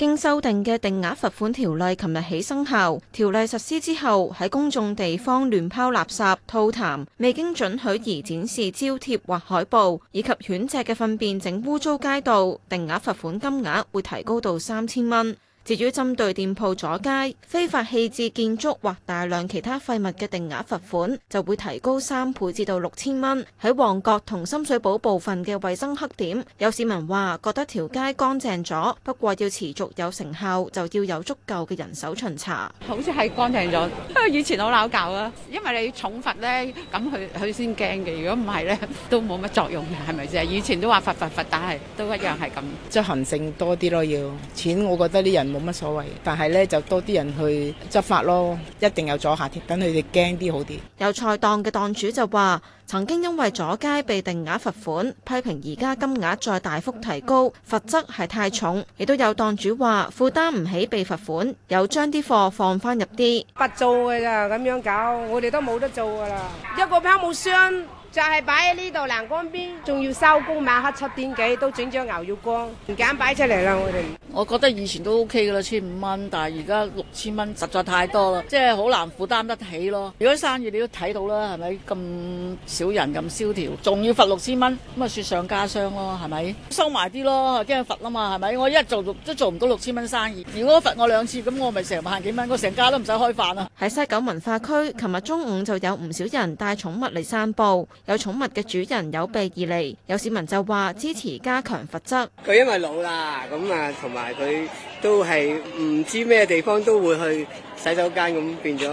經修訂嘅定額罰款條例，琴日起生效。條例實施之後，喺公眾地方亂拋垃圾、吐痰、未經准許而展示招貼或海報，以及犬隻嘅糞便整污糟街道，定額罰款金額會提高到三千蚊。至於針對店鋪阻街、非法棄置建築或大量其他廢物嘅定額罰款，就會提高三倍至到六千蚊。喺旺角同深水埗部分嘅衞生黑點，有市民話覺得條街乾淨咗，不過要持續有成效，就要有足夠嘅人手巡查。好似係乾淨咗，因為以前好鬧交啊，因為你重罰咧，咁佢佢先驚嘅。如果唔係咧，都冇乜作用嘅，係咪先？以前都話罰罰罰，但係都一樣係咁。即行性多啲咯，要錢，我覺得啲人。冇乜所謂，但係呢就多啲人去執法咯，一定有阻嚇添，等佢哋驚啲好啲。有菜檔嘅檔主就話，曾經因為阻街被定額罰款，批評而家金額再大幅提高，罰則係太重。亦都有檔主話負擔唔起被罰款，又將啲貨放翻入啲，唔做噶咋咁樣搞，我哋都冇得做噶啦，一個包冇箱。就係擺喺呢度欄杆邊，仲要收工晚黑七點幾都整張牛肉乾唔敢擺出嚟啦，我哋我覺得以前都 OK 噶啦，千五蚊，但係而家六千蚊實在太多啦，即係好難負擔得起咯。如果生意你都睇到啦，係咪咁少人咁蕭條，仲要罰六千蚊，咁啊雪上加霜咯，係咪收埋啲咯，驚罰啦嘛，係咪我一做做都做唔到六千蚊生意，如果罰我兩次，咁我咪成萬幾蚊，我成家都唔使開飯啊。喺西九文化區，琴日中午就有唔少人帶寵物嚟散步。有寵物嘅主人有備而嚟，有市民就話支持加強罰則。佢因為老啦，咁啊，同埋佢都係唔知咩地方都會去。洗手間咁變咗，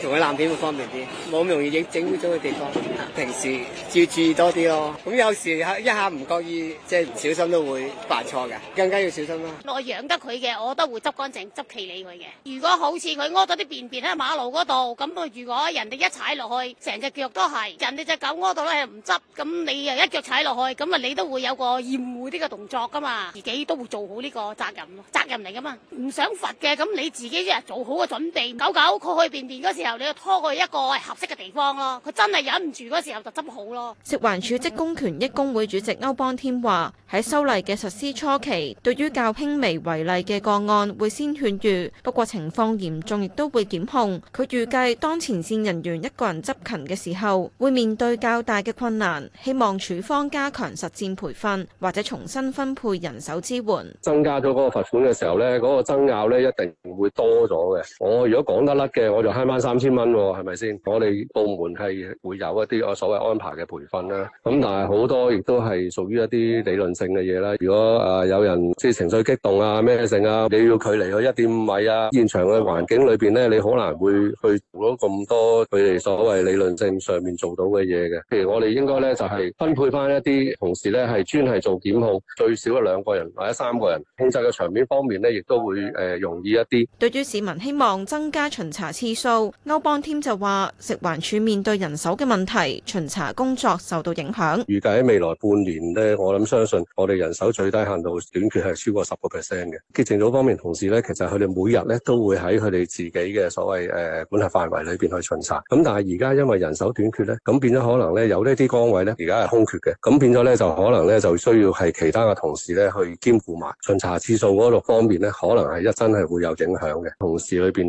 同佢爛片會方便啲，冇咁容易影整污咗嘅地方。平時要注意多啲咯。咁有時一下唔覺意，即係唔小心都會犯錯嘅，更加要小心咯，啊。我養得佢嘅，我都會執乾淨，執企理佢嘅。如果好似佢屙咗啲便便喺馬路嗰度，咁啊，如果人哋一踩落去，成隻腳都係人哋隻狗屙到咧，唔執，咁你又一腳踩落去，咁啊你都會有個厭惡啲嘅動作噶嘛，自己都會做好呢個責任，責任嚟噶嘛。唔想罰嘅，咁你自己一日做好個準。便便狗狗佢去便便嗰時候，你就拖佢一個合適嘅地方咯、啊。佢真係忍唔住嗰時候就執好咯、啊。食環署職工權益工會主席歐邦添話：喺修例嘅實施初期，對於較輕微違例嘅個案，會先勸喻；不過情況嚴重，亦都會檢控。佢預計，當前綫人員一個人執勤嘅時候，會面對較大嘅困難。希望署方加強實戰培訓，或者重新分配人手支援。增加咗嗰個罰款嘅時候咧，嗰、那個爭拗咧一定會多咗嘅。我如果講得甩嘅，我就慳翻三千蚊喎，係咪先？我哋部門係會有一啲我所謂安排嘅培訓啦。咁但係好多亦都係屬於一啲理論性嘅嘢啦。如果誒有人即係情緒激動啊、咩性啊，你要距離去一點五米啊，現場嘅環境裏邊咧，你好能會去做到咁多佢哋所謂理論性上面做到嘅嘢嘅。譬如我哋應該咧就係分配翻一啲同事咧係專係做檢控，最少一兩個人或者三個人，控制嘅場面方面咧亦都會誒容易一啲。對於市民希望。增加巡查次數，歐邦添就話食環署面對人手嘅問題，巡查工作受到影響。預計喺未來半年呢，我諗相信我哋人手最低限度短缺係超過十個 percent 嘅。潔淨組方面同事呢，其實佢哋每日呢都會喺佢哋自己嘅所謂誒、呃、管轄範圍裏邊去巡查。咁但係而家因為人手短缺呢，咁變咗可能呢有呢啲崗位呢，而家係空缺嘅，咁變咗呢，就可能呢就需要係其他嘅同事呢去兼顧埋巡查次數嗰度方面呢，可能係一真係會有影響嘅同事裏邊